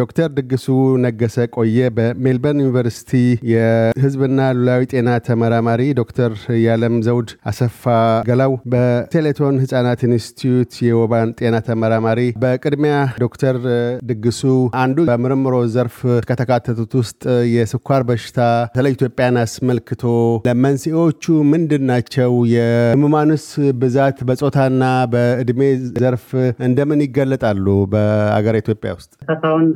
ዶክተር ድግሱ ነገሰ ቆየ በሜልበርን ዩኒቨርሲቲ የህዝብና ሉላዊ ጤና ተመራማሪ፣ ዶክተር ያለም ዘውድ አሰፋ ገላው በቴሌቶን ህፃናት ኢንስቲትዩት የወባን ጤና ተመራማሪ። በቅድሚያ ዶክተር ድግሱ አንዱ በምርምሮ ዘርፍ ከተካተቱት ውስጥ የስኳር በሽታ በተለይ ኢትዮጵያን አስመልክቶ ለመንስኤዎቹ ምንድን ናቸው? የህሙማኑስ ብዛት በጾታና በእድሜ ዘርፍ እንደምን ይገለጣሉ? በአገር ኢትዮጵያ ውስጥ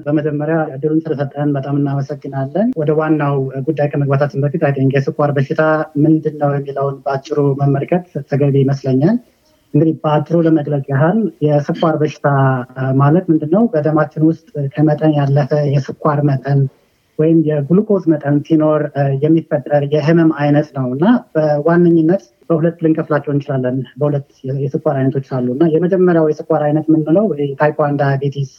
በመጀመሪያ እድሉን ስለሰጠን በጣም እናመሰግናለን። ወደ ዋናው ጉዳይ ከመግባታችን በፊት አይ የስኳር በሽታ ምንድን ነው የሚለውን በአጭሩ መመልከት ተገቢ ይመስለኛል። እንግዲህ በአጭሩ ለመግለጽ ያህል የስኳር በሽታ ማለት ምንድን ነው? በደማችን ውስጥ ከመጠን ያለፈ የስኳር መጠን ወይም የግሉኮዝ መጠን ሲኖር የሚፈጠር የህመም አይነት ነው እና በዋነኝነት በሁለት ልንከፍላቸው እንችላለን። በሁለት የስኳር አይነቶች አሉ እና የመጀመሪያው የስኳር አይነት የምንለው ታይፕ ዋን ዳያቤቲስ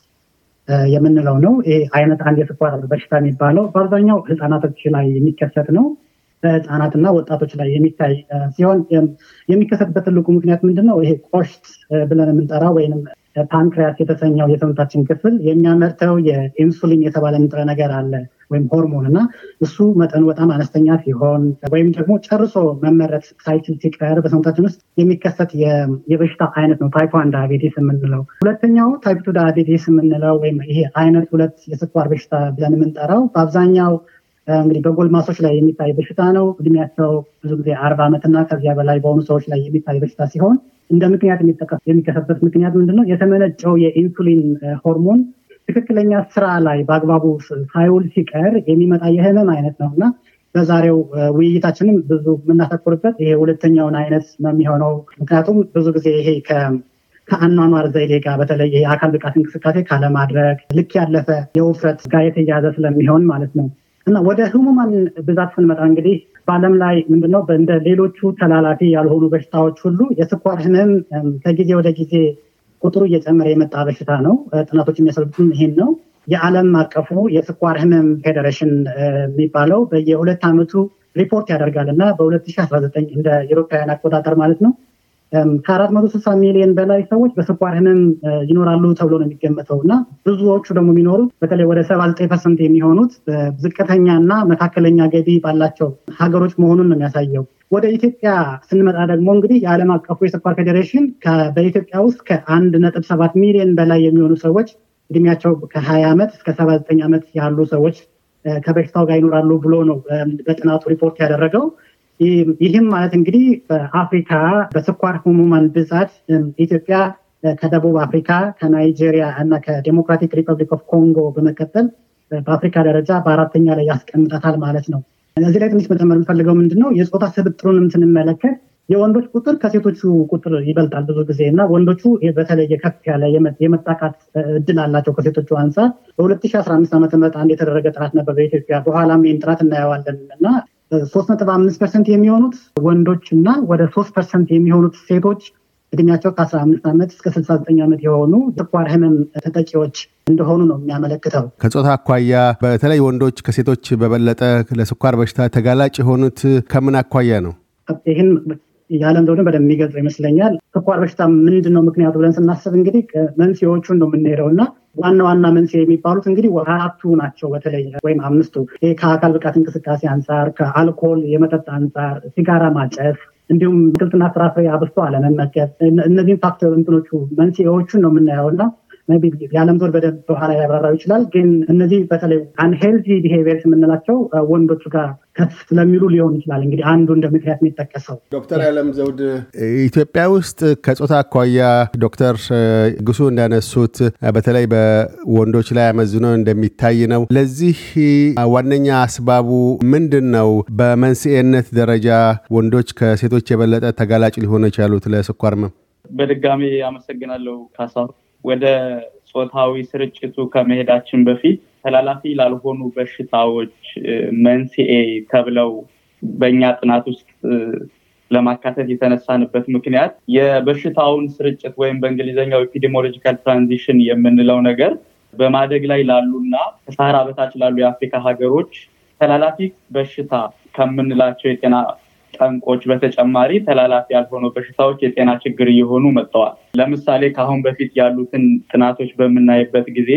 የምንለው ነው። ይሄ አይነት አንድ የስኳር በሽታ የሚባለው በአብዛኛው ህፃናቶች ላይ የሚከሰት ነው። ህፃናትና ወጣቶች ላይ የሚታይ ሲሆን የሚከሰትበት ትልቁ ምክንያት ምንድን ነው? ይሄ ቆሽት ብለን የምንጠራ ወይም ፓንክሪያስ የተሰኘው የሰውነታችን ክፍል የሚያመርተው የኢንሱሊን የተባለ ንጥረ ነገር አለ ወይም ሆርሞን እና እሱ መጠኑ በጣም አነስተኛ ሲሆን ወይም ደግሞ ጨርሶ መመረት ሳይችል ሲቀር በሰውነታችን ውስጥ የሚከሰት የበሽታ አይነት ነው ታይፕ ዋን የምንለው። ሁለተኛው ታይፕ ቱ ዳያቤቴስ የምንለው ወይም ይሄ አይነት ሁለት የስኳር በሽታ ብለን የምንጠራው በአብዛኛው እንግዲህ በጎልማሶች ላይ የሚታይ በሽታ ነው። እድሜያቸው ብዙ ጊዜ አርባ ዓመትና ከዚያ በላይ በሆኑ ሰዎች ላይ የሚታይ በሽታ ሲሆን እንደ ምክንያት የሚከሰበት ምክንያት ምንድን ነው? የተመነጨው የኢንሱሊን ሆርሞን ትክክለኛ ስራ ላይ በአግባቡ ሳይውል ሲቀር የሚመጣ የህመም አይነት ነው እና በዛሬው ውይይታችንም ብዙ የምናተኩርበት ይሄ ሁለተኛውን አይነት ነው የሚሆነው። ምክንያቱም ብዙ ጊዜ ይሄ ከአኗኗር ዘይቤ ጋር በተለይ የአካል ብቃት እንቅስቃሴ ካለማድረግ ልክ ያለፈ የውፍረት ጋር የተያያዘ ስለሚሆን ማለት ነው እና ወደ ህሙማን ብዛት ስንመጣ እንግዲህ በዓለም ላይ ምንድነው እንደ ሌሎቹ ተላላፊ ያልሆኑ በሽታዎች ሁሉ የስኳር ህመም ከጊዜ ወደ ጊዜ ቁጥሩ እየጨመረ የመጣ በሽታ ነው። ጥናቶች የሚያሰሉትም ይሄን ነው። የዓለም አቀፉ የስኳር ህመም ፌዴሬሽን የሚባለው በየሁለት ዓመቱ ሪፖርት ያደርጋል እና በ2019 እንደ ኤሮፓውያን አቆጣጠር ማለት ነው ከአራት መቶ ስልሳ ሚሊዮን በላይ ሰዎች በስኳር ህመም ይኖራሉ ተብሎ ነው የሚገመተው እና ብዙዎቹ ደግሞ የሚኖሩት በተለይ ወደ ሰባ ዘጠኝ ፐርሰንት የሚሆኑት ዝቅተኛ እና መካከለኛ ገቢ ባላቸው ሀገሮች መሆኑን ነው የሚያሳየው። ወደ ኢትዮጵያ ስንመጣ ደግሞ እንግዲህ የዓለም አቀፉ የስኳር ፌዴሬሽን በኢትዮጵያ ውስጥ ከአንድ ነጥብ ሰባት ሚሊዮን በላይ የሚሆኑ ሰዎች እድሜያቸው ከሀያ ዓመት እስከ ሰባ ዘጠኝ ዓመት ያሉ ሰዎች ከበሽታው ጋር ይኖራሉ ብሎ ነው በጥናቱ ሪፖርት ያደረገው። ይህም ማለት እንግዲህ በአፍሪካ በስኳር ህሙማን ብዛት ኢትዮጵያ ከደቡብ አፍሪካ ከናይጄሪያ እና ከዴሞክራቲክ ሪፐብሊክ ኦፍ ኮንጎ በመቀጠል በአፍሪካ ደረጃ በአራተኛ ላይ ያስቀምጣታል ማለት ነው። እዚህ ላይ ትንሽ መጨመር የምፈልገው ምንድነው የፆታ ስብጥሩንም ስንመለከት የወንዶች ቁጥር ከሴቶቹ ቁጥር ይበልጣል ብዙ ጊዜ እና ወንዶቹ በተለየ ከፍ ያለ የመጣቃት እድል አላቸው ከሴቶቹ አንጻር። በ2015 ዓ ም አንድ የተደረገ ጥናት ነበር በኢትዮጵያ በኋላም ይህን ጥናት እናየዋለን እና ሶስት ነጥብ አምስት ፐርሰንት የሚሆኑት ወንዶች እና ወደ ሶስት ፐርሰንት የሚሆኑት ሴቶች እድሜያቸው ከአስራ አምስት ዓመት እስከ ስልሳ ዘጠኝ ዓመት የሆኑ ስኳር ህመም ተጠቂዎች እንደሆኑ ነው የሚያመለክተው። ከጾታ አኳያ በተለይ ወንዶች ከሴቶች በበለጠ ለስኳር በሽታ ተጋላጭ የሆኑት ከምን አኳያ ነው? ይህን የዓለም ዘውድን በደንብ የሚገልጸው ይመስለኛል። ስኳር በሽታ ምንድን ነው ምክንያቱ ብለን ስናስብ እንግዲህ መንስኤዎቹን ነው የምንሄደው እና ዋና ዋና መንስኤ የሚባሉት እንግዲህ አራቱ ናቸው። በተለይ ወይም አምስቱ ከአካል ብቃት እንቅስቃሴ አንጻር፣ ከአልኮል የመጠጥ አንጻር፣ ሲጋራ ማጨስ እንዲሁም አትክልትና ፍራፍሬ አብስቶ አለመመገብ እነዚህም ፋክተር እንትኖቹ መንስኤዎቹን ነው የምናየው እና ቢ የዓለም ዞር በደንብ በኋላ ሊያብራራው ይችላል። ግን እነዚህ በተለይ አንሄልዚ ቢሄቪየርስ የምንላቸው ወንዶቹ ጋር ከፍ ስለሚሉ ሊሆን ይችላል። እንግዲህ አንዱ እንደ ምክንያት የሚጠቀሰው ዶክተር ያለም ዘውድ ኢትዮጵያ ውስጥ ከጾታ አኳያ ዶክተር ግሱ እንዳነሱት በተለይ በወንዶች ላይ አመዝኖ እንደሚታይ ነው። ለዚህ ዋነኛ አስባቡ ምንድን ነው? በመንስኤነት ደረጃ ወንዶች ከሴቶች የበለጠ ተጋላጭ ሊሆኑ የቻሉት ለስኳር ህመም። በድጋሚ አመሰግናለሁ ካሳ ወደ ጾታዊ ስርጭቱ ከመሄዳችን በፊት ተላላፊ ላልሆኑ በሽታዎች መንስኤ ተብለው በእኛ ጥናት ውስጥ ለማካተት የተነሳንበት ምክንያት የበሽታውን ስርጭት ወይም በእንግሊዝኛው ኢፒዲሞሎጂካል ትራንዚሽን የምንለው ነገር በማደግ ላይ ላሉና ከሳህራ በታች ላሉ የአፍሪካ ሀገሮች ተላላፊ በሽታ ከምንላቸው የጤና ጠንቆች በተጨማሪ ተላላፊ ያልሆኑ በሽታዎች የጤና ችግር እየሆኑ መጥተዋል። ለምሳሌ ከአሁን በፊት ያሉትን ጥናቶች በምናይበት ጊዜ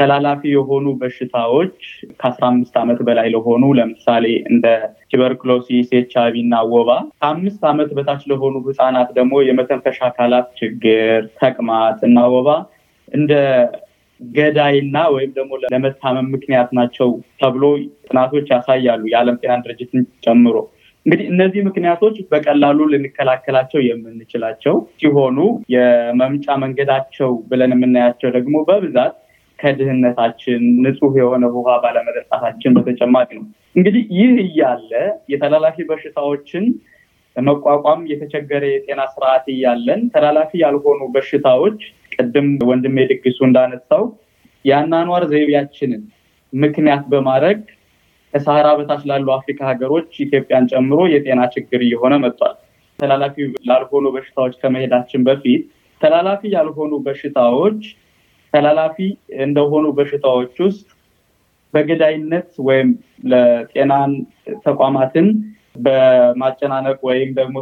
ተላላፊ የሆኑ በሽታዎች ከአስራ አምስት ዓመት በላይ ለሆኑ ለምሳሌ እንደ ቱበርክሎሲስ፣ ኤች አይ እና ወባ ከአምስት ዓመት በታች ለሆኑ ህፃናት ደግሞ የመተንፈሻ አካላት ችግር፣ ተቅማጥ እና ወባ እንደ ገዳይና ወይም ደግሞ ለመታመም ምክንያት ናቸው ተብሎ ጥናቶች ያሳያሉ የዓለም ጤና ድርጅትን ጨምሮ። እንግዲህ እነዚህ ምክንያቶች በቀላሉ ልንከላከላቸው የምንችላቸው ሲሆኑ የመምጫ መንገዳቸው ብለን የምናያቸው ደግሞ በብዛት ከድህነታችን፣ ንጹህ የሆነ ውሃ ባለመጠጣታችን በተጨማሪ ነው። እንግዲህ ይህ እያለ የተላላፊ በሽታዎችን መቋቋም የተቸገረ የጤና ስርዓት እያለን ተላላፊ ያልሆኑ በሽታዎች ቅድም ወንድሜ ድግሱ እንዳነሳው የአናኗር ዘይቤያችንን ምክንያት በማድረግ ከሳህራ በታች ላሉ አፍሪካ ሀገሮች ኢትዮጵያን ጨምሮ የጤና ችግር እየሆነ መጥቷል። ተላላፊ ላልሆኑ በሽታዎች ከመሄዳችን በፊት ተላላፊ ያልሆኑ በሽታዎች ተላላፊ እንደሆኑ በሽታዎች ውስጥ በገዳይነት ወይም ለጤናን ተቋማትን በማጨናነቅ ወይም ደግሞ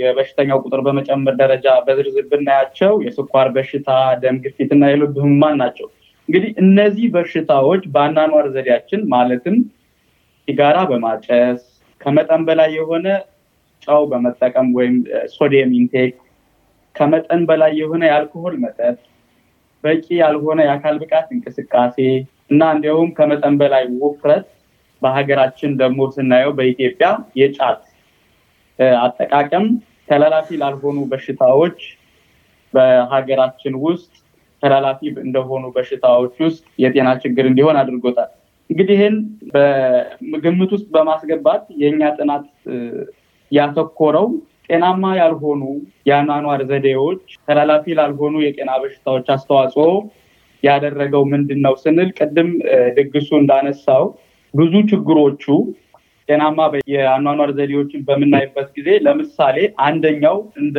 የበሽተኛው ቁጥር በመጨመር ደረጃ በዝርዝር ብናያቸው የስኳር በሽታ፣ ደም ግፊት እና የልብ ህሙማን ናቸው። እንግዲህ እነዚህ በሽታዎች በአናኗር ዘዴያችን ማለትም ሲጋራ በማጨስ ከመጠን በላይ የሆነ ጨው በመጠቀም ወይም ሶዲየም ኢንቴክ፣ ከመጠን በላይ የሆነ የአልኮሆል መጠጥ፣ በቂ ያልሆነ የአካል ብቃት እንቅስቃሴ እና እንዲሁም ከመጠን በላይ ውፍረት በሀገራችን ደግሞ ስናየው በኢትዮጵያ የጫት አጠቃቀም ተላላፊ ላልሆኑ በሽታዎች በሀገራችን ውስጥ ተላላፊ እንደሆኑ በሽታዎች ውስጥ የጤና ችግር እንዲሆን አድርጎታል። እንግዲህ ይህን በግምት ውስጥ በማስገባት የእኛ ጥናት ያተኮረው ጤናማ ያልሆኑ የአኗኗር ዘዴዎች ተላላፊ ላልሆኑ የጤና በሽታዎች አስተዋጽኦ ያደረገው ምንድን ነው ስንል ቅድም ድግሱ እንዳነሳው ብዙ ችግሮቹ ጤናማ የአኗኗር ዘዴዎችን በምናይበት ጊዜ ለምሳሌ አንደኛው እንደ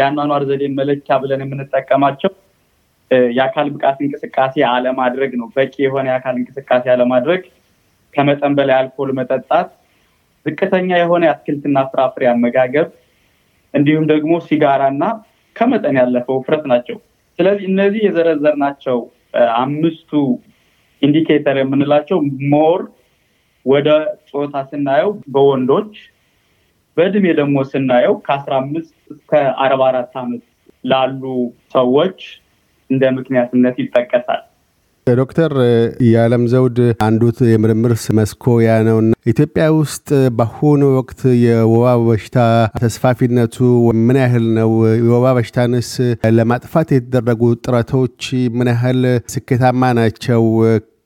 የአኗኗር ዘዴ መለኪያ ብለን የምንጠቀማቸው የአካል ብቃት እንቅስቃሴ አለማድረግ ነው። በቂ የሆነ የአካል እንቅስቃሴ አለማድረግ፣ ከመጠን በላይ አልኮል መጠጣት፣ ዝቅተኛ የሆነ የአትክልትና ፍራፍሬ አመጋገብ እንዲሁም ደግሞ እና ከመጠን ያለፈው ውፍረት ናቸው። ስለዚህ እነዚህ የዘረዘርናቸው አምስቱ ኢንዲኬተር የምንላቸው ሞር ወደ ጾታ ስናየው በወንዶች በእድሜ ደግሞ ስናየው ከአስራ አምስት እስከ አርባ አራት ዓመት ላሉ ሰዎች እንደ ምክንያትነት ይጠቀሳል። ዶክተር የዓለም ዘውድ አንዱት የምርምር መስኮ ያ ነውና ኢትዮጵያ ውስጥ በአሁኑ ወቅት የወባ በሽታ ተስፋፊነቱ ምን ያህል ነው? የወባ በሽታንስ ለማጥፋት የተደረጉ ጥረቶች ምን ያህል ስኬታማ ናቸው?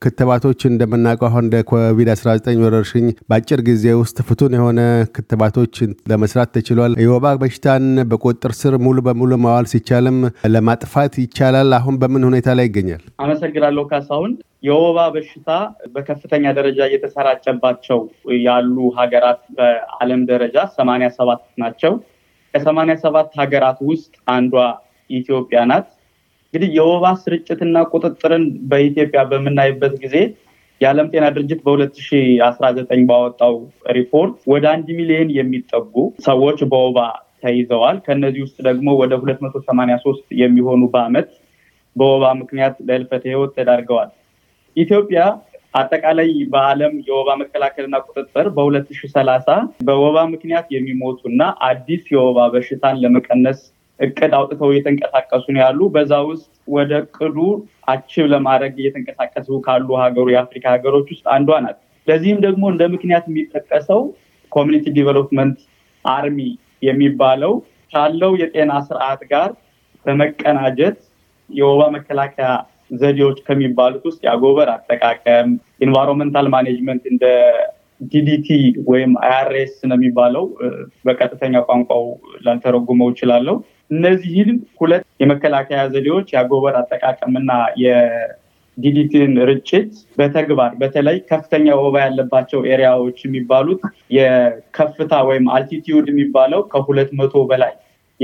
ክትባቶች እንደምናውቀው አሁን እንደ ኮቪድ-19 ወረርሽኝ በአጭር ጊዜ ውስጥ ፍቱን የሆነ ክትባቶች ለመስራት ተችሏል። የወባ በሽታን በቁጥጥር ስር ሙሉ በሙሉ ማዋል ሲቻልም ለማጥፋት ይቻላል። አሁን በምን ሁኔታ ላይ ይገኛል? አመሰግናለሁ ካሳሁን። የወባ በሽታ በከፍተኛ ደረጃ እየተሰራጨባቸው ያሉ ሀገራት በዓለም ደረጃ ሰማንያ ሰባት ናቸው። ከሰማንያ ሰባት ሀገራት ውስጥ አንዷ ኢትዮጵያ ናት። እንግዲህ የወባ ስርጭትና ቁጥጥርን በኢትዮጵያ በምናይበት ጊዜ የዓለም ጤና ድርጅት በ2019 ባወጣው ሪፖርት ወደ አንድ ሚሊዮን የሚጠጉ ሰዎች በወባ ተይዘዋል። ከእነዚህ ውስጥ ደግሞ ወደ 283 የሚሆኑ በአመት በወባ ምክንያት ለህልፈተ ህይወት ተዳርገዋል። ኢትዮጵያ አጠቃላይ በዓለም የወባ መከላከልና ቁጥጥር በ2030 በወባ ምክንያት የሚሞቱ እና አዲስ የወባ በሽታን ለመቀነስ እቅድ አውጥተው እየተንቀሳቀሱ ነው ያሉ። በዛ ውስጥ ወደ እቅዱ አችብ ለማድረግ እየተንቀሳቀሱ ካሉ ሀገሩ የአፍሪካ ሀገሮች ውስጥ አንዷ ናት። ለዚህም ደግሞ እንደ ምክንያት የሚጠቀሰው ኮሚኒቲ ዲቨሎፕመንት አርሚ የሚባለው ካለው የጤና ስርዓት ጋር በመቀናጀት የወባ መከላከያ ዘዴዎች ከሚባሉት ውስጥ የአጎበር አጠቃቀም፣ ኢንቫይሮንመንታል ማኔጅመንት እንደ ዲዲቲ ወይም አይአርኤስ ነው የሚባለው በቀጥተኛ ቋንቋው ላልተረጉመው እችላለሁ። እነዚህን ሁለት የመከላከያ ዘዴዎች የአጎበር አጠቃቀምና የዲዲቲን ርጭት በተግባር በተለይ ከፍተኛ ወባ ያለባቸው ኤሪያዎች የሚባሉት የከፍታ ወይም አልቲቲዩድ የሚባለው ከሁለት መቶ በላይ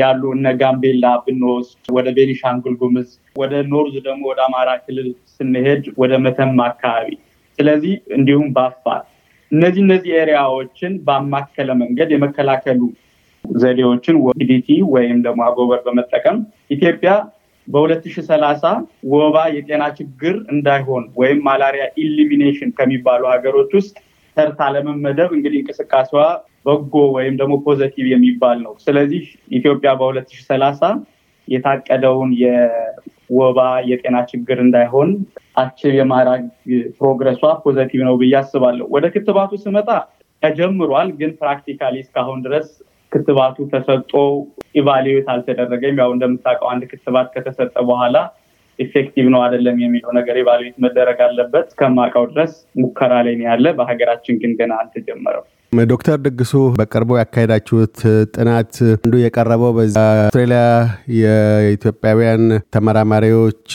ያሉ እነ ጋምቤላ ብንወስድ ወደ ቤኒሻንጉል ጉምዝ፣ ወደ ኖርዝ ደግሞ ወደ አማራ ክልል ስንሄድ ወደ መተማ አካባቢ ስለዚህ እንዲሁም በአፋር እነዚህ እነዚህ ኤሪያዎችን በአማከለ መንገድ የመከላከሉ ዘዴዎችን ኦዲቲ ወይም ደግሞ አጎበር በመጠቀም ኢትዮጵያ በ2030 ወባ የጤና ችግር እንዳይሆን ወይም ማላሪያ ኢሊሚኔሽን ከሚባሉ ሀገሮች ውስጥ ተርታ ለመመደብ እንግዲህ እንቅስቃሴዋ በጎ ወይም ደግሞ ፖዘቲቭ የሚባል ነው። ስለዚህ ኢትዮጵያ በ2030 የታቀደውን የወባ የጤና ችግር እንዳይሆን አችብ የማራግ ፕሮግረሷ ፖዘቲቭ ነው ብዬ አስባለሁ። ወደ ክትባቱ ስመጣ ተጀምሯል፣ ግን ፕራክቲካሊ እስካሁን ድረስ ክትባቱ ተሰጦ ኢቫሉዌት አልተደረገም። ያው እንደምታውቀው አንድ ክትባት ከተሰጠ በኋላ ኢፌክቲቭ ነው አይደለም የሚለው ነገር ኢቫሉዌት መደረግ አለበት። እስከማውቀው ድረስ ሙከራ ላይ ያለ። በሀገራችን ግን ገና አልተጀመረም። ዶክተር ድግሱ በቅርቡ ያካሄዳችሁት ጥናት አንዱ የቀረበው በአውስትራሊያ የኢትዮጵያውያን ተመራማሪዎች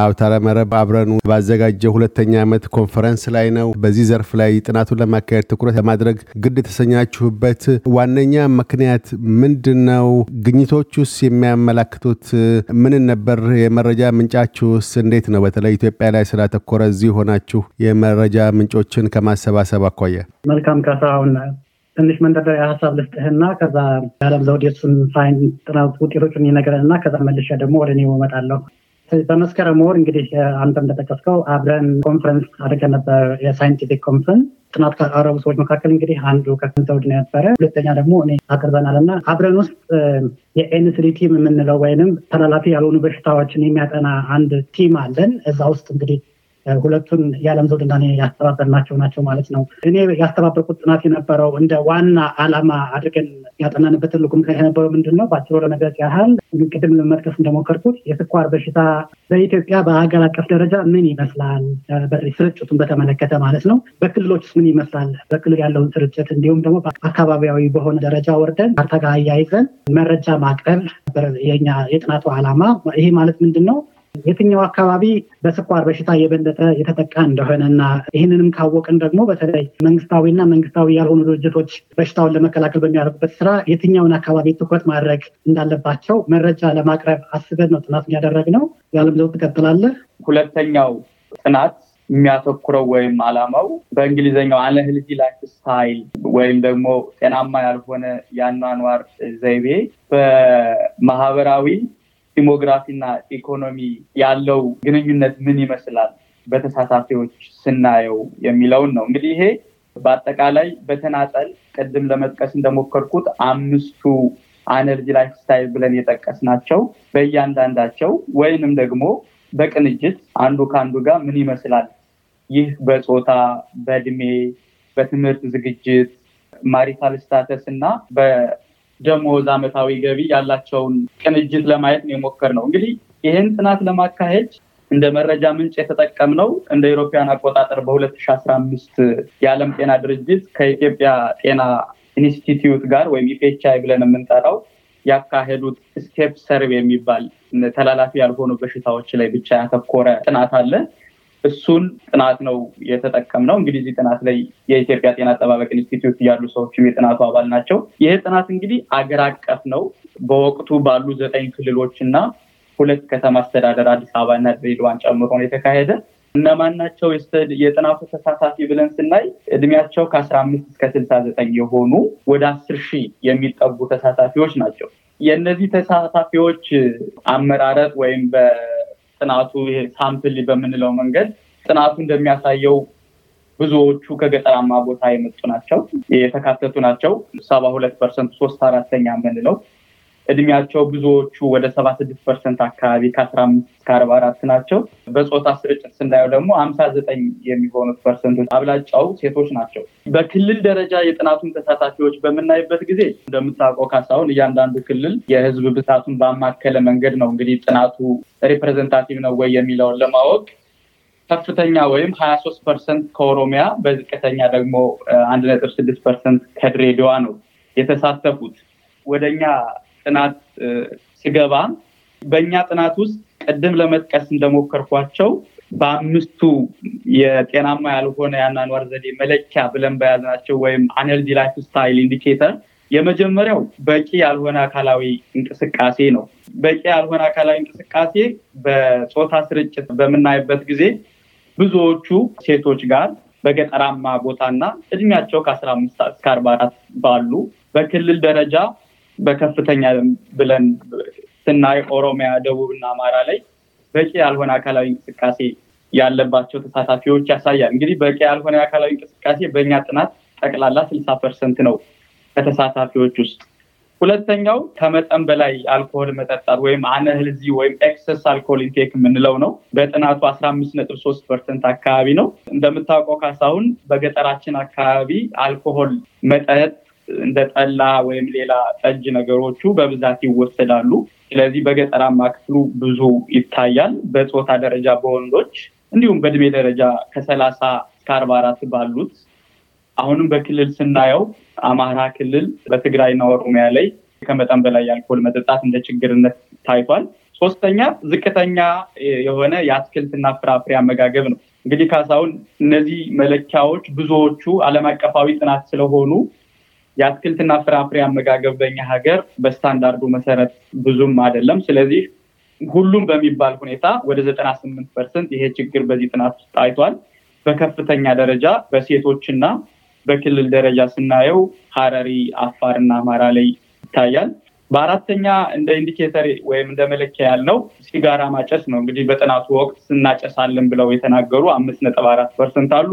አውታረ መረብ አብረን ባዘጋጀ ሁለተኛ ዓመት ኮንፈረንስ ላይ ነው። በዚህ ዘርፍ ላይ ጥናቱን ለማካሄድ ትኩረት ለማድረግ ግድ የተሰኛችሁበት ዋነኛ ምክንያት ምንድን ነው? ግኝቶቹስ የሚያመላክቱት ምንን ነበር? የመረጃ ምንጫችሁስ እንዴት ነው? በተለይ ኢትዮጵያ ላይ ስላተኮረ እዚህ ሆናችሁ የመረጃ ምንጮችን ከማሰባሰብ አኳያ መልካም ካሳ ሁን ትንሽ መንደርደሪያ ሀሳብ ልስጥህና ከዛ የዓለም ዘውድ የሱን ሳይን ጥናት ውጤቶቹን ይነገረንና ከዛ መልሻ ደግሞ ወደ እኔ እመጣለሁ። በመስከረም ወር እንግዲህ አንተ እንደጠቀስከው አብረን ኮንፈረንስ አድርገን ነበር፣ የሳይንቲፊክ ኮንፈረንስ ጥናት ከአረቡ ሰዎች መካከል እንግዲህ አንዱ ከዓለም ዘውድ ነው ነበረ። ሁለተኛ ደግሞ እኔ አቅርበናል እና አብረን ውስጥ የኤንስሪ ቲም የምንለው ወይንም ተላላፊ ያልሆኑ በሽታዎችን የሚያጠና አንድ ቲም አለን። እዛ ውስጥ እንግዲህ ሁለቱን የዓለም ዘውድና ያስተባበርናቸው ናቸው ማለት ነው። እኔ ያስተባበርኩት ጥናት የነበረው እንደ ዋና ዓላማ አድርገን ያጠናንበት ትልቁ ምክንያት የነበረው ምንድን ነው? በአጭሩ ለመግለጽ ያህል ቅድም መጥቀስ እንደሞከርኩት የስኳር በሽታ በኢትዮጵያ በሀገር አቀፍ ደረጃ ምን ይመስላል፣ ስርጭቱን በተመለከተ ማለት ነው። በክልሎችስ ምን ይመስላል፣ በክልል ያለውን ስርጭት እንዲሁም ደግሞ አካባቢያዊ በሆነ ደረጃ ወርደን ካርታ ጋር አያይዘን መረጃ ማቅረብ የኛ የጥናቱ ዓላማ። ይሄ ማለት ምንድን ነው? የትኛው አካባቢ በስኳር በሽታ የበለጠ የተጠቃ እንደሆነ እና ይህንንም ካወቅን ደግሞ በተለይ መንግስታዊና መንግስታዊ ያልሆኑ ድርጅቶች በሽታውን ለመከላከል በሚያደርጉበት ስራ የትኛውን አካባቢ ትኩረት ማድረግ እንዳለባቸው መረጃ ለማቅረብ አስበን ነው ጥናቱን ነው። የዓለም ዘው ትቀጥላለህ። ሁለተኛው ጥናት የሚያተኩረው ወይም አላማው በእንግሊዝኛው አንሄልዚ ላይፍ ስታይል ወይም ደግሞ ጤናማ ያልሆነ የአኗኗር ዘይቤ በማህበራዊ ዲሞግራፊና ኢኮኖሚ ያለው ግንኙነት ምን ይመስላል በተሳታፊዎች ስናየው የሚለውን ነው። እንግዲህ ይሄ በአጠቃላይ በተናጠል ቅድም ለመጥቀስ እንደሞከርኩት አምስቱ አነርጂ ላይፍ ስታይል ብለን የጠቀስናቸው በእያንዳንዳቸው ወይንም ደግሞ በቅንጅት አንዱ ከአንዱ ጋር ምን ይመስላል ይህ በጾታ፣ በእድሜ፣ በትምህርት ዝግጅት፣ ማሪታል ስታተስ እና ደሞዝ፣ ዓመታዊ ገቢ ያላቸውን ቅንጅት ለማየት ነው የሞከር ነው። እንግዲህ ይህን ጥናት ለማካሄድ እንደ መረጃ ምንጭ የተጠቀምነው እንደ ኢሮፓያን አቆጣጠር በ2015 የዓለም ጤና ድርጅት ከኢትዮጵያ ጤና ኢንስቲትዩት ጋር ወይም ኢፒኤችአይ ብለን የምንጠራው ያካሄዱት ስቴፕ ሰርቭ የሚባል ተላላፊ ያልሆኑ በሽታዎች ላይ ብቻ ያተኮረ ጥናት አለ። እሱን ጥናት ነው የተጠቀምነው። እንግዲህ እዚህ ጥናት ላይ የኢትዮጵያ ጤና አጠባበቅ ኢንስቲትዩት ያሉ ሰዎችም የጥናቱ አባል ናቸው። ይህ ጥናት እንግዲህ አገር አቀፍ ነው። በወቅቱ ባሉ ዘጠኝ ክልሎች እና ሁለት ከተማ አስተዳደር አዲስ አበባ እና ድሬዳዋን ጨምሮ ነው የተካሄደ። እነማን ናቸው የጥናቱ ተሳታፊ ብለን ስናይ እድሜያቸው ከአስራ አምስት እስከ ስልሳ ዘጠኝ የሆኑ ወደ አስር ሺህ የሚጠጉ ተሳታፊዎች ናቸው። የእነዚህ ተሳታፊዎች አመራረጥ ወይም ጥናቱ ሳምፕል በምንለው መንገድ ጥናቱ እንደሚያሳየው ብዙዎቹ ከገጠራማ ቦታ የመጡ ናቸው የተካተቱ ናቸው። ሰባ ሁለት ፐርሰንት ሶስት አራተኛ የምንለው እድሜያቸው ብዙዎቹ ወደ ሰባ ስድስት ፐርሰንት አካባቢ ከአስራ አምስት እስከ አርባ አራት ናቸው። በፆታ ስርጭት ስናየው ደግሞ አምሳ ዘጠኝ የሚሆኑት ፐርሰንቶች አብላጫው ሴቶች ናቸው። በክልል ደረጃ የጥናቱን ተሳታፊዎች በምናይበት ጊዜ እንደምታውቀው ካሳሁን እያንዳንዱ ክልል የህዝብ ብዛቱን ባማከለ መንገድ ነው እንግዲህ ጥናቱ ሪፕሬዘንታቲቭ ነው ወይ የሚለውን ለማወቅ ከፍተኛ ወይም ሀያ ሶስት ፐርሰንት ከኦሮሚያ በዝቅተኛ ደግሞ አንድ ነጥብ ስድስት ፐርሰንት ከድሬዳዋ ነው የተሳተፉት ወደኛ ጥናት ስገባ በእኛ ጥናት ውስጥ ቅድም ለመጥቀስ እንደሞከርኳቸው በአምስቱ የጤናማ ያልሆነ የአኗኗር ዘዴ መለኪያ ብለን በያዝናቸው ወይም አነልዲ ላይፍ ስታይል ኢንዲኬተር የመጀመሪያው በቂ ያልሆነ አካላዊ እንቅስቃሴ ነው። በቂ ያልሆነ አካላዊ እንቅስቃሴ በፆታ ስርጭት በምናይበት ጊዜ ብዙዎቹ ሴቶች ጋር በገጠራማ ቦታና እድሜያቸው ከአስራ አምስት እስከ አርባ አራት ባሉ በክልል ደረጃ በከፍተኛ ብለን ስናይ ኦሮሚያ፣ ደቡብ እና አማራ ላይ በቂ ያልሆነ አካላዊ እንቅስቃሴ ያለባቸው ተሳታፊዎች ያሳያል። እንግዲህ በቂ ያልሆነ አካላዊ እንቅስቃሴ በእኛ ጥናት ጠቅላላ ስልሳ ፐርሰንት ነው ከተሳታፊዎች ውስጥ። ሁለተኛው ከመጠን በላይ አልኮሆል መጠጣት ወይም አነህልዚ ወይም ኤክሰስ አልኮሆል ኢንቴክ የምንለው ነው። በጥናቱ አስራ አምስት ነጥብ ሶስት ፐርሰንት አካባቢ ነው። እንደምታውቀው ካሳሁን በገጠራችን አካባቢ አልኮሆል መጠጥ እንደ ጠላ ወይም ሌላ ጠጅ ነገሮቹ በብዛት ይወሰዳሉ። ስለዚህ በገጠራማ ክፍሉ ብዙ ይታያል። በጾታ ደረጃ በወንዶች እንዲሁም በእድሜ ደረጃ ከሰላሳ እስከ አርባ አራት ባሉት አሁንም በክልል ስናየው አማራ ክልል በትግራይና ኦሮሚያ ላይ ከመጠን በላይ የአልኮል መጠጣት እንደ ችግርነት ታይቷል። ሶስተኛ ዝቅተኛ የሆነ የአትክልትና ፍራፍሬ አመጋገብ ነው። እንግዲህ ካሳሁን እነዚህ መለኪያዎች ብዙዎቹ ዓለም አቀፋዊ ጥናት ስለሆኑ የአትክልትና ፍራፍሬ አመጋገብ በኛ ሀገር በስታንዳርዱ መሰረት ብዙም አይደለም። ስለዚህ ሁሉም በሚባል ሁኔታ ወደ ዘጠና ስምንት ፐርሰንት ይሄ ችግር በዚህ ጥናት ውስጥ ታይቷል። በከፍተኛ ደረጃ በሴቶችና በክልል ደረጃ ስናየው ሀረሪ፣ አፋርና አማራ ላይ ይታያል። በአራተኛ እንደ ኢንዲኬተር ወይም እንደ መለኪያ ያልነው ሲጋራ ማጨስ ነው። እንግዲህ በጥናቱ ወቅት ስናጨሳለን ብለው የተናገሩ አምስት ነጥብ አራት ፐርሰንት አሉ።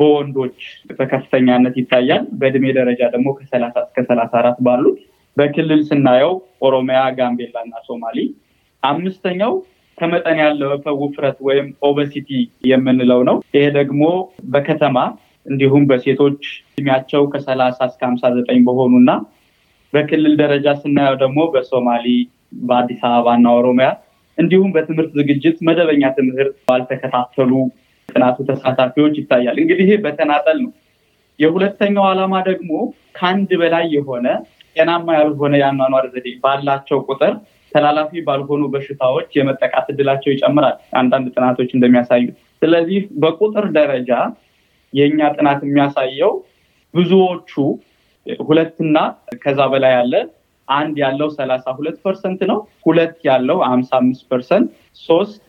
በወንዶች በከፍተኛነት ይታያል። በእድሜ ደረጃ ደግሞ ከሰላሳ እስከ ሰላሳ አራት ባሉት በክልል ስናየው ኦሮሚያ፣ ጋምቤላ እና ሶማሊ። አምስተኛው ከመጠን ያለው ውፍረት ወይም ኦበሲቲ የምንለው ነው። ይሄ ደግሞ በከተማ እንዲሁም በሴቶች እድሜያቸው ከሰላሳ እስከ ሀምሳ ዘጠኝ በሆኑ እና በክልል ደረጃ ስናየው ደግሞ በሶማሊ፣ በአዲስ አበባ እና ኦሮሚያ እንዲሁም በትምህርት ዝግጅት መደበኛ ትምህርት ባልተከታተሉ ጥናቱ ተሳታፊዎች ይታያል። እንግዲህ ይሄ በተናጠል ነው። የሁለተኛው ዓላማ ደግሞ ከአንድ በላይ የሆነ ጤናማ ያልሆነ የአኗኗር ዘዴ ባላቸው ቁጥር ተላላፊ ባልሆኑ በሽታዎች የመጠቃት እድላቸው ይጨምራል፣ አንዳንድ ጥናቶች እንደሚያሳዩት። ስለዚህ በቁጥር ደረጃ የእኛ ጥናት የሚያሳየው ብዙዎቹ ሁለትና ከዛ በላይ ያለ አንድ ያለው ሰላሳ ሁለት ፐርሰንት ነው። ሁለት ያለው አምሳ አምስት ፐርሰንት፣ ሶስት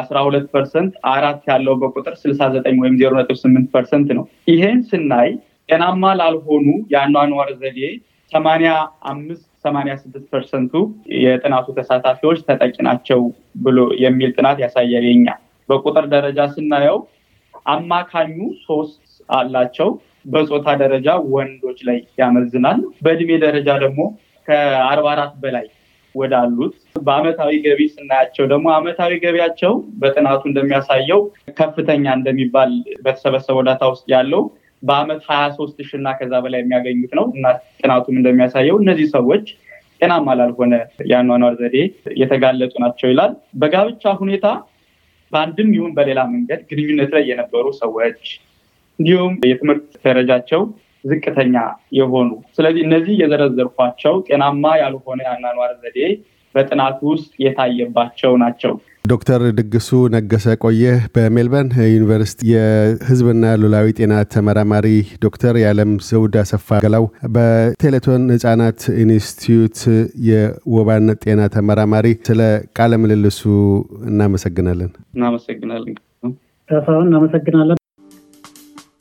አስራ ሁለት ፐርሰንት አራት ያለው በቁጥር ስልሳ ዘጠኝ ወይም ዜሮ ነጥብ ስምንት ፐርሰንት ነው። ይሄን ስናይ ጤናማ ላልሆኑ የአኗኗር ዘዴ ሰማኒያ አምስት ሰማኒያ ስድስት ፐርሰንቱ የጥናቱ ተሳታፊዎች ተጠቂ ናቸው ብሎ የሚል ጥናት ያሳያል። የኛ በቁጥር ደረጃ ስናየው አማካኙ ሶስት አላቸው። በፆታ ደረጃ ወንዶች ላይ ያመዝናል። በእድሜ ደረጃ ደግሞ ከአርባ አራት በላይ ወዳሉት በአመታዊ ገቢ ስናያቸው ደግሞ አመታዊ ገቢያቸው በጥናቱ እንደሚያሳየው ከፍተኛ እንደሚባል በተሰበሰበ ዳታ ውስጥ ያለው በአመት ሀያ ሶስት ሺ እና ከዛ በላይ የሚያገኙት ነው እና ጥናቱም እንደሚያሳየው እነዚህ ሰዎች ጤናማ ላልሆነ የአኗኗር ዘዴ የተጋለጡ ናቸው ይላል። በጋብቻ ሁኔታ በአንድም ይሁን በሌላ መንገድ ግንኙነት ላይ የነበሩ ሰዎች እንዲሁም የትምህርት ደረጃቸው ዝቅተኛ የሆኑ ስለዚህ እነዚህ የዘረዘርኳቸው ጤናማ ያልሆነ የአኗኗር ዘዴ በጥናት ውስጥ የታየባቸው ናቸው። ዶክተር ድግሱ ነገሰ ቆየ በሜልበርን ዩኒቨርሲቲ የህዝብና ሉላዊ ጤና ተመራማሪ፣ ዶክተር የዓለም ዘውድ አሰፋ ገላው በቴሌቶን ህጻናት ኢንስቲትዩት የወባን ጤና ተመራማሪ፣ ስለ ቃለ ምልልሱ እናመሰግናለን። እናመሰግናለን። እናመሰግናለን።